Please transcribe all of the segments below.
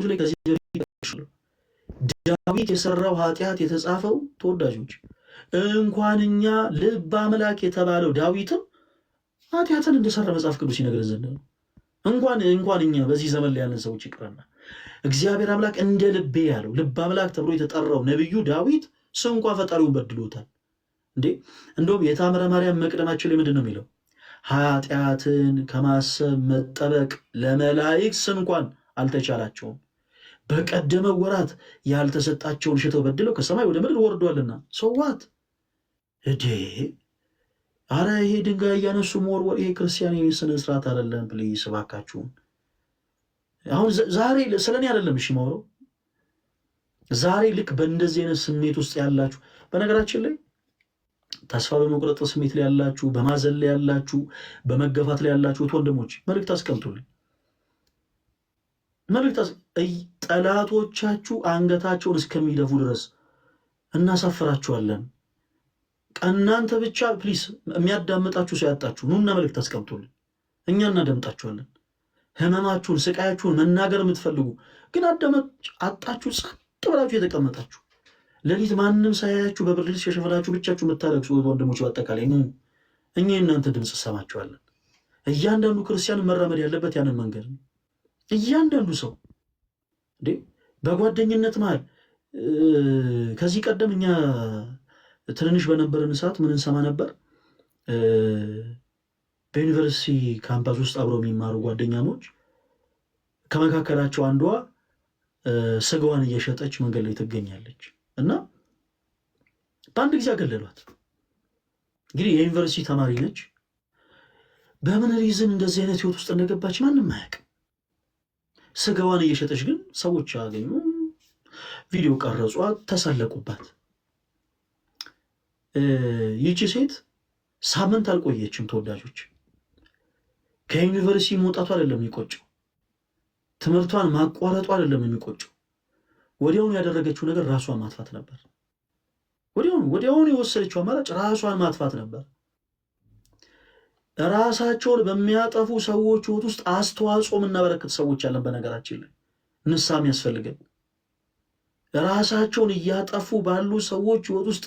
ቅዱስ ላይ ከዚህ በፊት ዳዊት የሰራው ኃጢአት የተጻፈው ተወዳጆች እንኳን እኛ ልብ አምላክ የተባለው ዳዊትም ኃጢአትን እንደሰራ መጽሐፍ ቅዱስ ይነግረን ዘንድ ነው። እንኳን እንኳን እኛ በዚህ ዘመን ላይ ያለን ሰዎች ይቅረና እግዚአብሔር አምላክ እንደ ልቤ ያለው ልብ አምላክ ተብሎ የተጠራው ነቢዩ ዳዊት ሰው እንኳ ፈጣሪውን በድሎታል እንዴ! እንደውም የታምረ ማርያም መቅደማቸው ላይ ምንድን ነው የሚለው? ኃጢአትን ከማሰብ መጠበቅ ለመላይክ ስንኳን አልተቻላቸውም። በቀደመ ወራት ያልተሰጣቸውን ሽተው በድለው ከሰማይ ወደ ምድር ወርዷልና ሰዋት እዴ አረ ይሄ ድንጋይ እያነሱ መወርወር ይሄ ክርስቲያን ስነ ስርዓት አይደለም። ፕሊስ እባካችሁን። አሁን ዛሬ ስለ እኔ አይደለም እሺ ማውረው ዛሬ ልክ በእንደዚህ አይነት ስሜት ውስጥ ያላችሁ፣ በነገራችን ላይ ተስፋ በመቁረጥ ስሜት ላይ ያላችሁ፣ በማዘን ላይ ያላችሁ፣ በመገፋት ላይ ያላችሁት ወንድሞች መልእክት አስቀምጡልኝ። መልእክት ጠላቶቻችሁ አንገታቸውን እስከሚደፉ ድረስ እናሳፍራችኋለን። ከእናንተ ብቻ ፕሊስ የሚያዳምጣችሁ ሲያጣችሁ ኑና መልእክት አስቀምጡልን፣ እኛ እናደምጣችኋለን። ህመማችሁን፣ ስቃያችሁን መናገር የምትፈልጉ ግን አዳማጭ አጣችሁ፣ ጸጥ ብላችሁ የተቀመጣችሁ ሌሊት ማንም ሳያያችሁ በብርድ ልብስ የሸፈናችሁ ብቻችሁ የምታለቅሱ ወንድሞች በአጠቃላይ ኑ፣ እኛ የእናንተ ድምፅ እሰማችኋለን። እያንዳንዱ ክርስቲያን መራመድ ያለበት ያንን መንገድ ነው። እያንዳንዱ ሰው እንዴ በጓደኝነት መሀል ከዚህ ቀደም እኛ ትንንሽ በነበረን ሰዓት ምን እንሰማ ነበር? በዩኒቨርሲቲ ካምፓስ ውስጥ አብረው የሚማሩ ጓደኛሞች ከመካከላቸው አንዷ ስጋዋን እየሸጠች መንገድ ላይ ትገኛለች እና በአንድ ጊዜ አገለሏት። እንግዲህ የዩኒቨርሲቲ ተማሪ ነች። በምን ሪዝን እንደዚህ አይነት ህይወት ውስጥ እንደገባች ማንም አያውቅም። ስጋዋን እየሸጠች ግን ሰዎች ያገኙ፣ ቪዲዮ ቀረጿ ተሳለቁባት። ይቺ ሴት ሳምንት አልቆየችም ተወዳጆች። ከዩኒቨርሲቲ መውጣቱ አይደለም የሚቆጨው፣ ትምህርቷን ማቋረጡ አይደለም የሚቆጨው። ወዲያውኑ ያደረገችው ነገር ራሷን ማጥፋት ነበር። ወዲያውኑ ወዲያውኑ የወሰደችው አማራጭ ራሷን ማጥፋት ነበር። ራሳቸውን በሚያጠፉ ሰዎች ሕይወት ውስጥ አስተዋጽኦ የምናበረክት ሰዎች ያለን። በነገራችን ላይ ንሳም ያስፈልገን። ራሳቸውን እያጠፉ ባሉ ሰዎች ሕይወት ውስጥ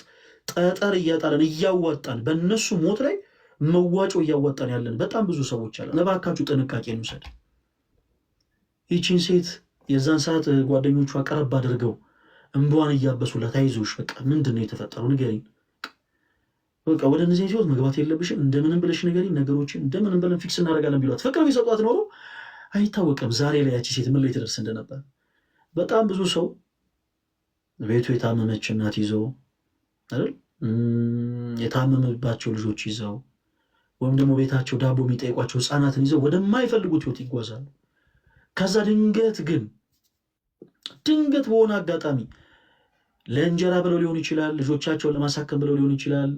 ጠጠር እያጣለን እያዋጣን፣ በእነሱ ሞት ላይ መዋጮ እያዋጣን ያለን በጣም ብዙ ሰዎች አለን። እባካችሁ ጥንቃቄ እንውሰድ። ይቺን ሴት የዛን ሰዓት ጓደኞቿ ቀረብ አድርገው እንቧን እያበሱላት አይዞሽ፣ በቃ ምንድን ነው የተፈጠረው ንገሪኝ በቃ ወደ እነዚህ ህይወት መግባት የለብሽም እንደምንም ብለሽ ነገሪ፣ ነገሮችን እንደምንም ብለን ፊክስ እናደርጋለን ቢሏት ፍቅር ቢሰጧት ኖሮ አይታወቅም ዛሬ ላይ ያቺ ሴት ምን ላይ ትደርስ እንደነበር። በጣም ብዙ ሰው ቤቱ የታመመች እናት ይዞ አይደል የታመመባቸው ልጆች ይዘው ወይም ደግሞ ቤታቸው ዳቦ የሚጠይቋቸው ህፃናትን ይዘው ወደማይፈልጉት ህይወት ይጓዛሉ። ከዛ ድንገት ግን ድንገት በሆነ አጋጣሚ ለእንጀራ ብለው ሊሆን ይችላል። ልጆቻቸውን ለማሳከም ብለው ሊሆን ይችላል።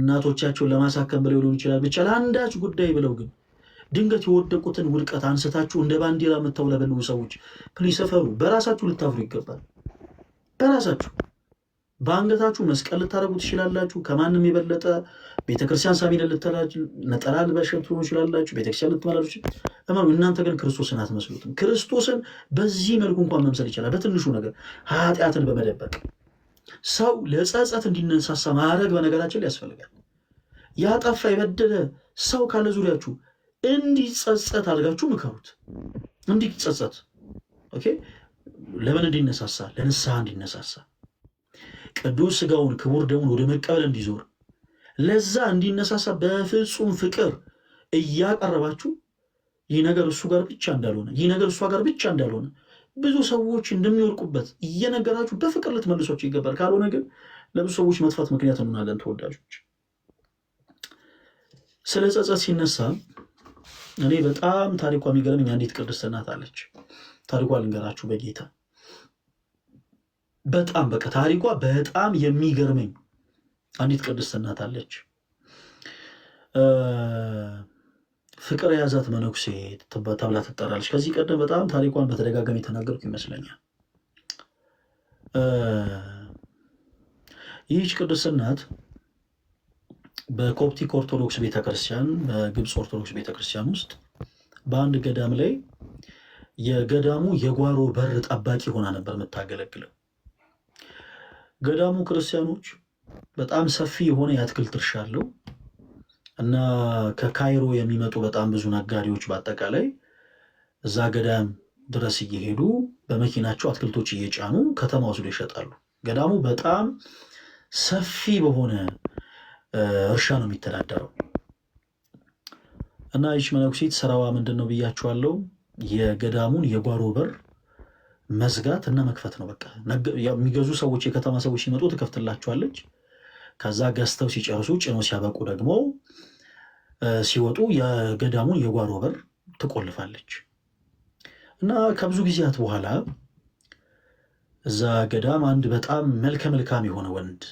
እናቶቻቸውን ለማሳከም ብለው ሊሆን ይችላል። ብቻ ለአንዳች ጉዳይ ብለው ግን ድንገት የወደቁትን ውድቀት አንስታችሁ እንደ ባንዲራ የምታውለበልቡ ሰዎች ፕሊዝ ሰፈሩ፣ በራሳችሁ ልታፍሩ ይገባል። በራሳችሁ በአንገታችሁ መስቀል ልታደረጉ ትችላላችሁ። ከማንም የበለጠ ቤተክርስቲያን ሳሚነ ነጠላ ልበሽ ትሆኑ ይችላላችሁ። ቤተክርስቲያን ልትመላሉ እመኑ። እናንተ ግን ክርስቶስን አትመስሉትም። ክርስቶስን በዚህ መልኩ እንኳን መምሰል ይችላል። በትንሹ ነገር ኃጢአትን በመደበቅ ሰው ለጸጸት እንዲነሳሳ ማድረግ በነገራችን ላይ ያስፈልጋል። ያጠፋ የበደለ ሰው ካለ ዙሪያችሁ እንዲጸጸት አድርጋችሁ ምከሩት። እንዲጸጸት ኦኬ። ለምን እንዲነሳሳ? ለንስሐ እንዲነሳሳ፣ ቅዱስ ስጋውን ክቡር ደሙን ወደ መቀበል እንዲዞር፣ ለዛ እንዲነሳሳ በፍጹም ፍቅር እያቀረባችሁ ይህ ነገር እሱ ጋር ብቻ እንዳልሆነ፣ ይህ ነገር እሷ ጋር ብቻ እንዳልሆነ ብዙ ሰዎች እንደሚወርቁበት እየነገራችሁ በፍቅር ልትመልሷቸው ይገባል። ካልሆነ ግን ለብዙ ሰዎች መጥፋት ምክንያት እንሆናለን። ተወዳጆች ስለ ጸጸት ሲነሳ እኔ በጣም ታሪኳ የሚገርመኝ አንዲት ቅድስት እናት አለች። ታሪኳ ልንገራችሁ በጌታ በጣም በቃ ታሪኳ በጣም የሚገርመኝ አንዲት ቅድስት እናት አለች። ፍቅር የያዛት መነኩሴ ተብላ ትጠራለች። ከዚህ ቀደም በጣም ታሪኳን በተደጋጋሚ የተናገርኩ ይመስለኛል። ይህች ቅድስት እናት በኮፕቲክ ኦርቶዶክስ ቤተክርስቲያን በግብፅ ኦርቶዶክስ ቤተክርስቲያን ውስጥ በአንድ ገዳም ላይ የገዳሙ የጓሮ በር ጠባቂ ሆና ነበር የምታገለግለው። ገዳሙ ክርስቲያኖች በጣም ሰፊ የሆነ የአትክልት እርሻ አለው። እና ከካይሮ የሚመጡ በጣም ብዙ ነጋዴዎች በአጠቃላይ እዛ ገዳም ድረስ እየሄዱ በመኪናቸው አትክልቶች እየጫኑ ከተማ ወስዶ ይሸጣሉ። ገዳሙ በጣም ሰፊ በሆነ እርሻ ነው የሚተዳደረው። እና ይች መነኩሴት ስራዋ ምንድን ነው ብያችኋለሁ። የገዳሙን የጓሮ በር መዝጋት እና መክፈት ነው። በቃ የሚገዙ ሰዎች፣ የከተማ ሰዎች ሲመጡ ትከፍትላቸዋለች። ከዛ ገዝተው ሲጨርሱ ጭኖ ሲያበቁ ደግሞ ሲወጡ የገዳሙን የጓሮ በር ትቆልፋለች እና ከብዙ ጊዜያት በኋላ እዛ ገዳም አንድ በጣም መልከ መልካም የሆነ ወንድ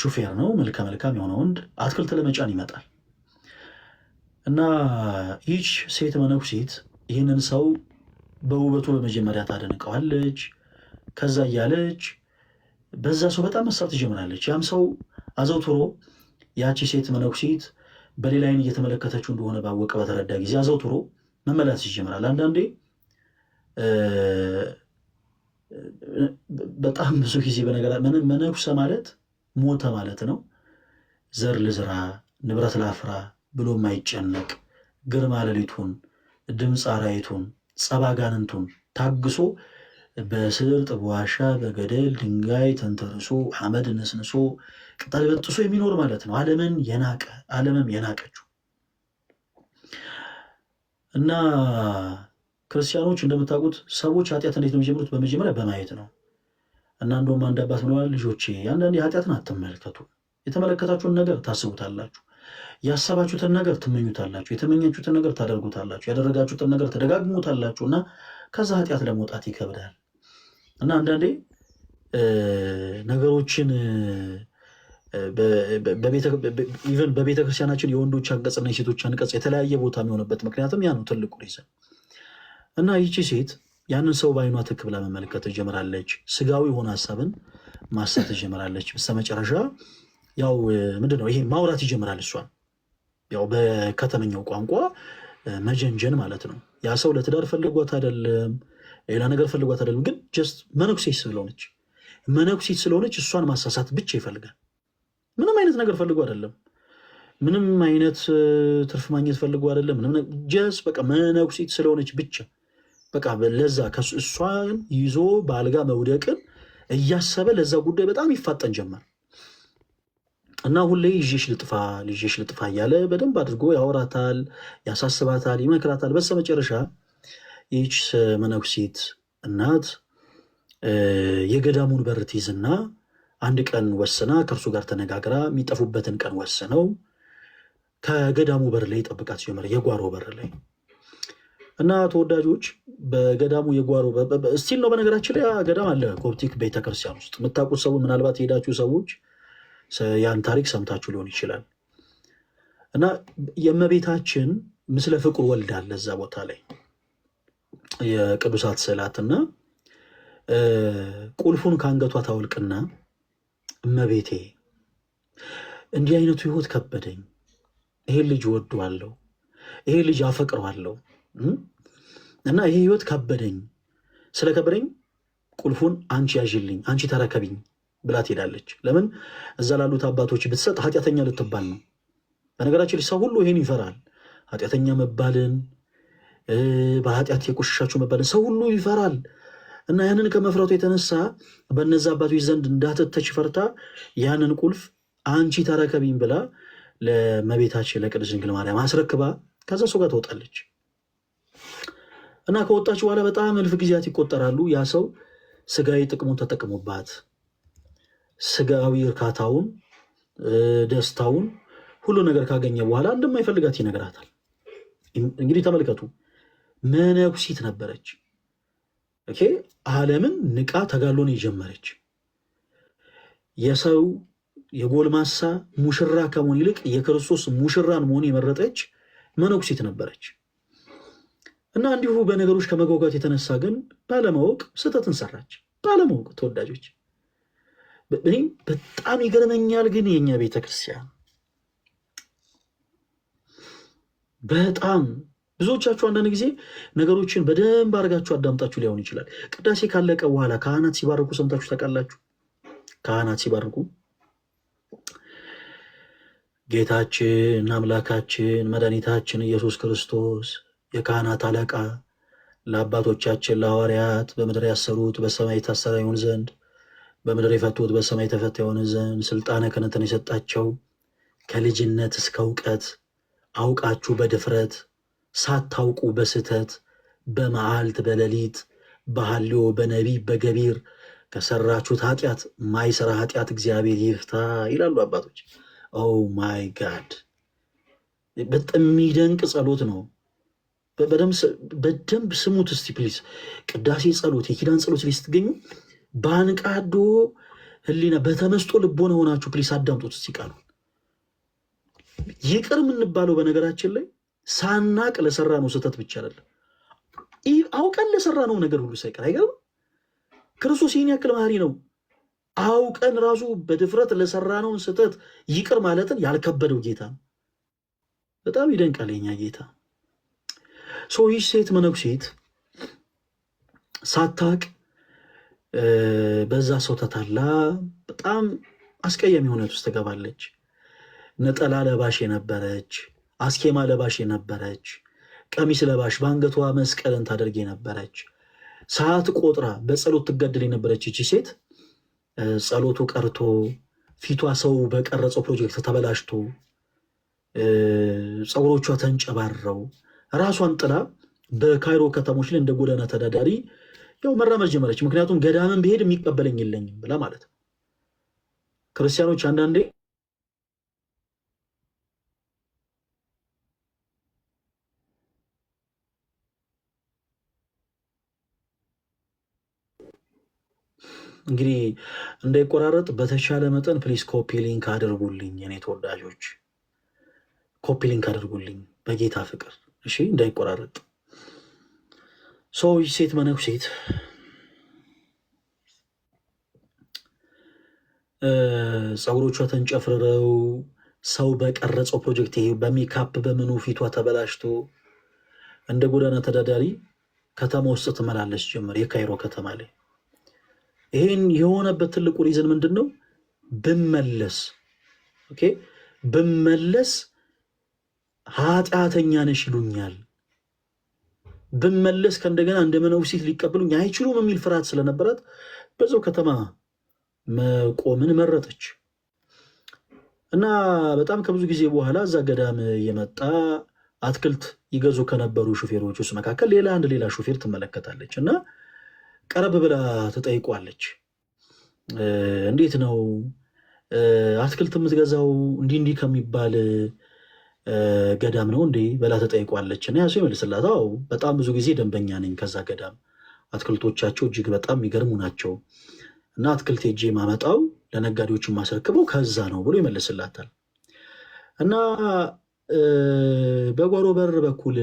ሹፌር ነው። መልከ መልካም የሆነ ወንድ አትክልት ለመጫን ይመጣል እና ይች ሴት መነኩሴት ይህንን ሰው በውበቱ በመጀመሪያ ታደንቀዋለች። ከዛ እያለች በዛ ሰው በጣም መሳት ትጀምራለች። ያም ሰው አዘውትሮ ያቺ ሴት መነኩሴት በሌላ አይን እየተመለከተችው እንደሆነ ባወቀ በተረዳ ጊዜ አዘውትሮ መመላስ ይጀምራል። አንዳንዴ በጣም ብዙ ጊዜ በነገራ መነኩሰ ማለት ሞተ ማለት ነው። ዘር ልዝራ ንብረት ላፍራ ብሎ የማይጨነቅ ግርማ ሌሊቱን ድምፅ አራዊቱን ጸባጋንንቱን ታግሶ በስርጥ በዋሻ በገደል ድንጋይ ተንተርሶ አመድ ነስንሶ ቅጠል በጥሶ የሚኖር ማለት ነው። ዓለምን የናቀ ዓለምም የናቀችው እና ክርስቲያኖች እንደምታውቁት ሰዎች ኃጢአት እንዴት ነው የሚጀምሩት? በመጀመሪያ በማየት ነው። እና እንደውም አንድ አባት ብለዋል፣ ልጆቼ አንዳንዴ የኃጢአትን አትመልከቱ። የተመለከታችሁን ነገር ታስቡታላችሁ፣ ያሰባችሁትን ነገር ትመኙታላችሁ፣ የተመኛችሁትን ነገር ታደርጉታላችሁ፣ ያደረጋችሁትን ነገር ተደጋግሙታላችሁ እና ከዛ ኃጢአት ለመውጣት ይከብዳል እና አንዳንዴ ነገሮችን ኢቨን በቤተ ክርስቲያናችን የወንዶች አንቀጽና የሴቶች አንቀጽ የተለያየ ቦታ የሚሆንበት ምክንያትም ያ ነው ትልቁ ሪዘን እና ይቺ ሴት ያንን ሰው በአይኗ ትክ ብላ መመልከት ትጀምራለች። ስጋዊ የሆነ ሀሳብን ማሳት ትጀምራለች። በስተመጨረሻ ያው ምንድን ነው ይሄ ማውራት ይጀምራል። እሷን ያው በከተመኛው ቋንቋ መጀንጀን ማለት ነው። ያ ሰው ለትዳር ፈልጓት አይደለም፣ ሌላ ነገር ፈልጓት አይደለም። ግን ጀስት መነኩሴት ስለሆነች መነኩሴት ስለሆነች እሷን ማሳሳት ብቻ ይፈልጋል። ምንም አይነት ነገር ፈልጎ አይደለም። ምንም አይነት ትርፍ ማግኘት ፈልጎ አይደለም። ምንም ጀስ በቃ መነኩሴት ስለሆነች ብቻ በቃ ለዛ እሷን ይዞ በአልጋ መውደቅን እያሰበ ለዛ ጉዳይ በጣም ይፋጠን ጀመር እና ሁሌ ይዤሽ ልጥፋ ይዤሽ ልጥፋ እያለ በደንብ አድርጎ ያወራታል፣ ያሳስባታል፣ ይመክራታል። በስተ መጨረሻ ይህች መነኩሴት እናት የገዳሙን በር ትይዝና አንድ ቀን ወስና ከእርሱ ጋር ተነጋግራ የሚጠፉበትን ቀን ወስነው ከገዳሙ በር ላይ ጠብቃት ጀመረ፣ የጓሮ በር ላይ እና ተወዳጆች፣ በገዳሙ የጓሮ ስቲል ነው። በነገራችን ላይ ገዳም አለ ኮፕቲክ ቤተክርስቲያን ውስጥ የምታውቁት ሰው ምናልባት የሄዳችሁ ሰዎች ያን ታሪክ ሰምታችሁ ሊሆን ይችላል። እና የእመቤታችን ምስለ ፍቁር አለ እዛ ቦታ ላይ የቅዱሳት ስዕላትና ቁልፉን ከአንገቷ ታወልቅና እመቤቴ እንዲህ አይነቱ ህይወት ከበደኝ። ይሄ ልጅ እወደዋለሁ፣ ይሄ ልጅ አፈቅረዋለሁ እና ይሄ ህይወት ከበደኝ። ስለከበደኝ ቁልፉን አንቺ ያዥልኝ፣ አንቺ ተረከቢኝ ብላ ትሄዳለች። ለምን እዛ ላሉት አባቶች ብትሰጥ ኃጢአተኛ ልትባል ነው። በነገራችን ላይ ሰው ሁሉ ይሄን ይፈራል፣ ኃጢአተኛ መባልን፣ በኃጢአት የቆሸሻችሁ መባልን ሰው ሁሉ ይፈራል። እና ያንን ከመፍራቱ የተነሳ በነዚ አባቶች ዘንድ እንዳተተች ፈርታ ያንን ቁልፍ አንቺ ተረከቢኝ ብላ ለመቤታችን ለቅድስት ድንግል ማርያም አስረክባ ከዛ ሰው ጋር ትወጣለች እና ከወጣች በኋላ በጣም እልፍ ጊዜያት ይቆጠራሉ። ያ ሰው ስጋዊ ጥቅሙን ተጠቅሞባት ስጋዊ እርካታውን፣ ደስታውን ሁሉ ነገር ካገኘ በኋላ እንደማይፈልጋት ይነግራታል። እንግዲህ ተመልከቱ፣ መነኩሲት ነበረች። ዓለምን ንቃ ተጋሎን የጀመረች የሰው የጎልማሳ ሙሽራ ከመሆን ይልቅ የክርስቶስ ሙሽራን መሆን የመረጠች መነኩሴት ነበረች እና እንዲሁ በነገሮች ከመጓጓት የተነሳ ግን ባለማወቅ ስህተትን ሰራች። ባለማወቅ ተወዳጆች፣ እኔም በጣም ይገርመኛል። ግን የእኛ ቤተክርስቲያን በጣም ብዙዎቻችሁ አንዳንድ ጊዜ ነገሮችን በደንብ አድርጋችሁ አዳምጣችሁ ሊሆን ይችላል። ቅዳሴ ካለቀ በኋላ ካህናት ሲባርኩ ሰምታችሁ ታውቃላችሁ። ካህናት ሲባርኩ ጌታችን አምላካችን መድኃኒታችን ኢየሱስ ክርስቶስ የካህናት አለቃ ለአባቶቻችን ለሐዋርያት በምድር ያሰሩት በሰማይ የታሰረ ይሆን ዘንድ በምድር የፈቱት በሰማይ የተፈታ ይሆን ዘንድ ስልጣነ ክህነትን የሰጣቸው ከልጅነት እስከ እውቀት አውቃችሁ በድፍረት ሳታውቁ በስህተት በመዓልት በሌሊት በሐልዮ በነቢብ በገቢር ከሰራችሁት ኃጢአት ማይሰራ ኃጢአት እግዚአብሔር ይፍታ ይላሉ አባቶች። ኦ ማይ ጋድ በጣም የሚደንቅ ጸሎት ነው። በደንብ ስሙት እስቲ ፕሊስ። ቅዳሴ ጸሎት፣ የኪዳን ጸሎት ላይ ስትገኙ በአንቃዶ ህሊና በተመስጦ ልቦና ሆናችሁ ፕሊስ አዳምጡት እስቲ ይቅር የምንባለው በነገራችን ላይ ሳናቅ ለሰራ ነው ስህተት ብቻ አይደለም አውቀን ለሰራ ነው ነገር ሁሉ ሳይቀር አይገርም። ክርስቶስ ይህን ያክል ባህሪ ነው። አውቀን ራሱ በድፍረት ለሰራነውን ስህተት ይቅር ማለትን ያልከበደው ጌታ ነው። በጣም ይደንቃል የኛ ጌታ። ሰው ይህ ሴት መነኩሴት ሳታቅ በዛ ሰው ተታላ በጣም አስቀያሚ ሁነት ውስጥ ትገባለች። ነጠላ ለባሽ የነበረች አስኬማ ለባሽ የነበረች ቀሚስ ለባሽ በአንገቷ መስቀልን ታደርግ የነበረች ሰዓት ቆጥራ በጸሎት ትገደል የነበረች ይቺ ሴት ጸሎቱ ቀርቶ ፊቷ ሰው በቀረጸው ፕሮጀክት ተበላሽቶ ፀጉሮቿ ተንጨባረው ራሷን ጥላ በካይሮ ከተሞች ላይ እንደ ጎዳና ተዳዳሪ ያው መራመድ ጀመረች። ምክንያቱም ገዳምን ብሄድ የሚቀበለኝ የለኝም ብላ ማለት ነው። ክርስቲያኖች አንዳንዴ እንግዲህ እንዳይቆራረጥ በተሻለ መጠን ፕሊስ ኮፒ ሊንክ አድርጉልኝ፣ እኔ ተወዳጆች ኮፒ ሊንክ አድርጉልኝ በጌታ ፍቅር እሺ፣ እንዳይቆራረጥ። ሰው ሴት መነኩሴት ፀጉሮቿ ተንጨፍርረው ሰው በቀረጸው ፕሮጀክት ይሄ በሜካፕ በምኑ ፊቷ ተበላሽቶ እንደ ጎዳና ተዳዳሪ ከተማ ውስጥ ትመላለስ ጀምር የካይሮ ከተማ ላይ ይሄን የሆነበት ትልቁ ሪዝን ምንድን ነው? ብመለስ ኦኬ ብመለስ ኃጢአተኛ ነሽ ይሉኛል። ብመለስ ከእንደገና እንደ መነኩሲት ሊቀበሉኝ አይችሉም የሚል ፍርሃት ስለነበራት በዛው ከተማ መቆምን መረጠች እና በጣም ከብዙ ጊዜ በኋላ እዛ ገዳም የመጣ አትክልት ይገዙ ከነበሩ ሹፌሮች ውስጥ መካከል ሌላ አንድ ሌላ ሹፌር ትመለከታለች እና ቀረብ ብላ ትጠይቋለች። እንዴት ነው አትክልት የምትገዛው እንዲህ እንዲህ ከሚባል ገዳም ነው እንዴ በላ ተጠይቋለች። እና ያሱ ይመልስላት፣ አዎ በጣም ብዙ ጊዜ ደንበኛ ነኝ ከዛ ገዳም። አትክልቶቻቸው እጅግ በጣም የሚገርሙ ናቸው እና አትክልት ሄጄ ማመጣው ለነጋዴዎች የማስረክበው ከዛ ነው ብሎ ይመልስላታል። እና በጓሮ በር በኩል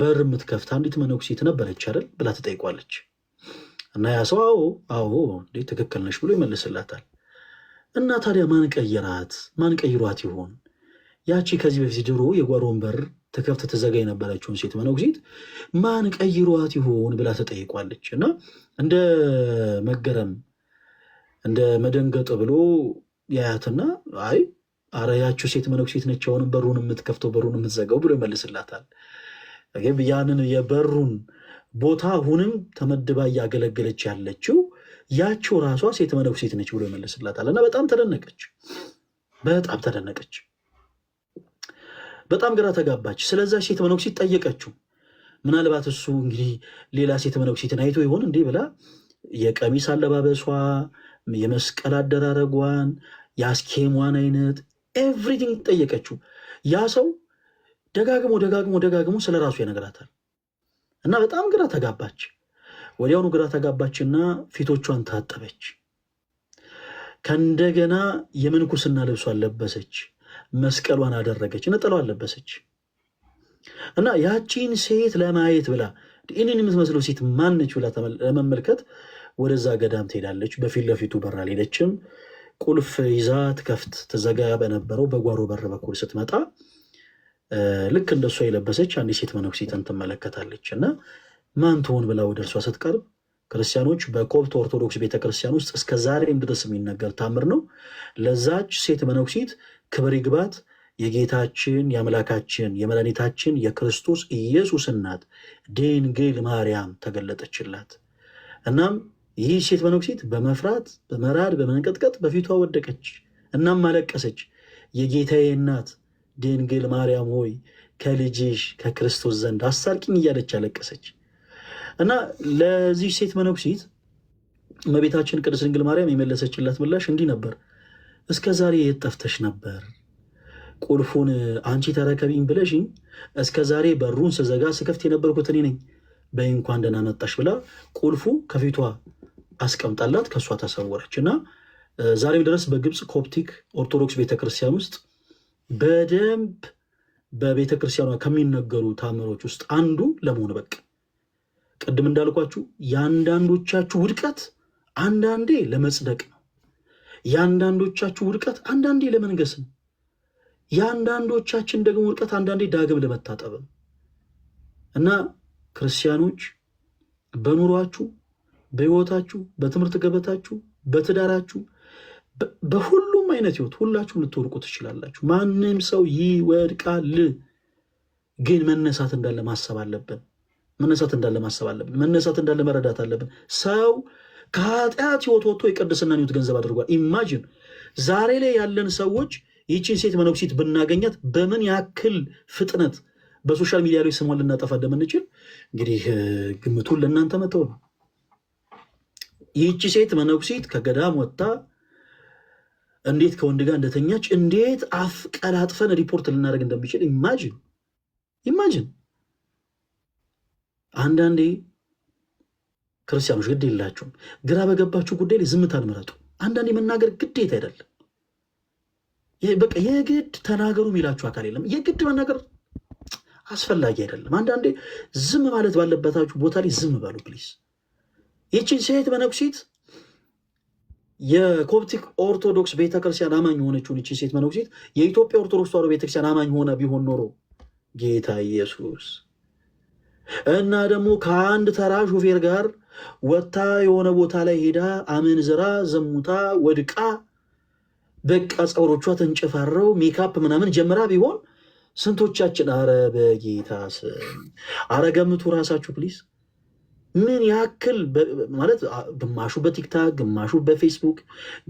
በር የምትከፍት አንዲት መነኩሴት ነበረች አይደል ብላ ትጠይቋለች። እና ያ ሰው አዎ አዎ ትክክል ነሽ ብሎ ይመልስላታል። እና ታዲያ ማን ቀይራት ማን ቀይሯት ይሆን? ያቺ ከዚህ በፊት ድሮ የጓሮን በር ተከፍት ተዘጋ የነበረችውን ሴት መነኩሴት ማን ቀይሯት ይሆን ብላ ተጠይቋለች። እና እንደ መገረም እንደ መደንገጥ ብሎ ያያትና አይ አረ ያችው ሴት መነኩሴት ነች አሁንም በሩን የምትከፍተው በሩን የምትዘጋው ብሎ ይመልስላታል። ግን ያንን የበሩን ቦታ አሁንም ተመድባ እያገለገለች ያለችው ያችው ራሷ ሴት ሴት ነች ብሎ ይመልስላታል። እና በጣም ተደነቀች፣ በጣም ተደነቀች፣ በጣም ግራ ተጋባች። ስለዛ ሴት መነኩሴት ጠየቀችው። ምናልባት እሱ እንግዲህ ሌላ ሴት መነኩሴትን አይቶ ይሆን እንዲህ ብላ የቀሚስ አለባበሷ፣ የመስቀል አደራረጓን፣ የአስኬሟን አይነት ኤቭሪቲንግ ጠየቀችው። ያ ሰው ደጋግሞ ደጋግሞ ደጋግሞ ስለ ራሱ ይነግራታል። እና በጣም ግራ ተጋባች። ወዲያውኑ ግራ ተጋባችና ፊቶቿን ታጠበች። ከእንደገና የምንኩስና ልብሷ አለበሰች መስቀሏን አደረገች፣ ነጠላዋን አለበሰች። እና ያቺን ሴት ለማየት ብላ እኔን የምትመስለው ሴት ማነች ብላ ለመመልከት ወደዛ ገዳም ትሄዳለች። በፊት ለፊቱ በር አልሄደችም። ቁልፍ ይዛ ትከፍት ትዘጋ በነበረው በጓሮ በር በኩል ስትመጣ ልክ እንደሷ የለበሰች አንድ ሴት መነኩሴትን ትመለከታለች እና ማን ትሆን ብላ ወደ እርሷ ስትቀርብ ክርስቲያኖች በኮፕት ኦርቶዶክስ ቤተክርስቲያን ውስጥ እስከ ዛሬም ድረስ የሚነገር ታምር ነው። ለዛች ሴት መነኩሴት ክብር ይግባት የጌታችን የአምላካችን የመድኃኒታችን የክርስቶስ ኢየሱስ እናት ድንግል ማርያም ተገለጠችላት። እናም ይህ ሴት መነኩሴት በመፍራት በመራድ በመንቀጥቀጥ በፊቷ ወደቀች። እናም አለቀሰች። የጌታዬ እናት ድንግል ማርያም ሆይ ከልጅሽ ከክርስቶስ ዘንድ አሳርቂኝ እያለች ያለቀሰች እና ለዚህ ሴት መነኩሲት እመቤታችን ቅድስት ድንግል ማርያም የመለሰችላት ምላሽ እንዲህ ነበር። እስከ ዛሬ የት ጠፍተሽ ነበር? ቁልፉን አንቺ ተረከቢኝ ብለሽኝ እስከ ዛሬ በሩን ስዘጋ ስከፍት የነበርኩት እኔ ነኝ። በይ እንኳን ደህና መጣሽ ብላ ቁልፉ ከፊቷ አስቀምጣላት ከእሷ ተሰወረች እና ዛሬም ድረስ በግብፅ ኮፕቲክ ኦርቶዶክስ ቤተክርስቲያን ውስጥ በደንብ በቤተ ክርስቲያኗ ከሚነገሩ ታምሮች ውስጥ አንዱ ለመሆን በቅ ቅድም እንዳልኳችሁ የአንዳንዶቻችሁ ውድቀት አንዳንዴ ለመጽደቅ ነው። የአንዳንዶቻችሁ ውድቀት አንዳንዴ ለመንገስ ነው። የአንዳንዶቻችን ደግሞ ውድቀት አንዳንዴ ዳግም ለመታጠብ ነው እና ክርስቲያኖች በኑሯችሁ፣ በሕይወታችሁ፣ በትምህርት ገበታችሁ፣ በትዳራችሁ፣ በሁሉ በየትኛውም አይነት ህይወት ሁላችሁም ልትወድቁ ትችላላችሁ። ማንም ሰው ይወድቃል። ግን መነሳት እንዳለ ማሰብ አለብን። መነሳት እንዳለ ማሰብ አለብን። መነሳት እንዳለ መረዳት አለብን። ሰው ከኃጢአት ህይወት ወጥቶ የቅድስናን ህይወት ገንዘብ አድርጓል። ኢማጅን ዛሬ ላይ ያለን ሰዎች ይህችን ሴት መነኩሲት ብናገኛት በምን ያክል ፍጥነት በሶሻል ሚዲያ ላይ ስሟን ልናጠፋ እንደምንችል እንግዲህ ግምቱን ለእናንተ መተው ነው። ይህቺ ሴት መነኩሲት ከገዳም ወጥታ እንዴት ከወንድ ጋር እንደተኛች እንዴት አፍቀላጥፈን ሪፖርት ልናደርግ እንደሚችል ኢማጂን ኢማጂን። አንዳንዴ ክርስቲያኖች ግድ የላቸውም። ግራ በገባችሁ ጉዳይ ላይ ዝምታን ምረጡ። አንዳንዴ መናገር ግዴት አይደለም። በቃ የግድ ተናገሩ የሚላችሁ አካል የለም። የግድ መናገር አስፈላጊ አይደለም። አንዳንዴ ዝም ማለት ባለበታችሁ ቦታ ላይ ዝም በሉ ፕሊስ። ይችን ሴት መነኩሴት የኮፕቲክ ኦርቶዶክስ ቤተክርስቲያን አማኝ የሆነችውን እቺ ሴት መነኩሴት የኢትዮጵያ ኦርቶዶክስ ተዋሕዶ ቤተክርስቲያን አማኝ ሆነ ቢሆን ኖሮ ጌታ ኢየሱስ እና ደግሞ ከአንድ ተራ ሾፌር ጋር ወታ የሆነ ቦታ ላይ ሄዳ አመንዝራ ዘሙታ ወድቃ በቃ ፀጉሮቿ ተንጨፋረው ሜካፕ ምናምን ጀምራ ቢሆን ስንቶቻችን አረ በጌታ ስም አረ ገምቱ ራሳችሁ ፕሊስ ምን ያክል ማለት ግማሹ በቲክታክ ግማሹ በፌስቡክ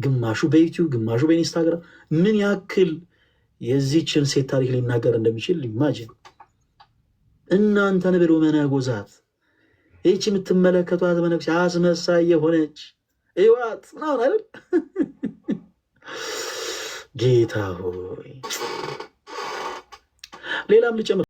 ግማሹ በዩቲዩብ ግማሹ በኢንስታግራም ምን ያክል የዚችን ሴት ታሪክ ሊናገር እንደሚችል ኢማጂን። እናንተን ብሎ መነጎዛት ይቺ የምትመለከቷት መነኩሴ አስመሳይ የሆነች እዋት ምናምን አይደል? ጌታ ሆይ ሌላም ልጨምር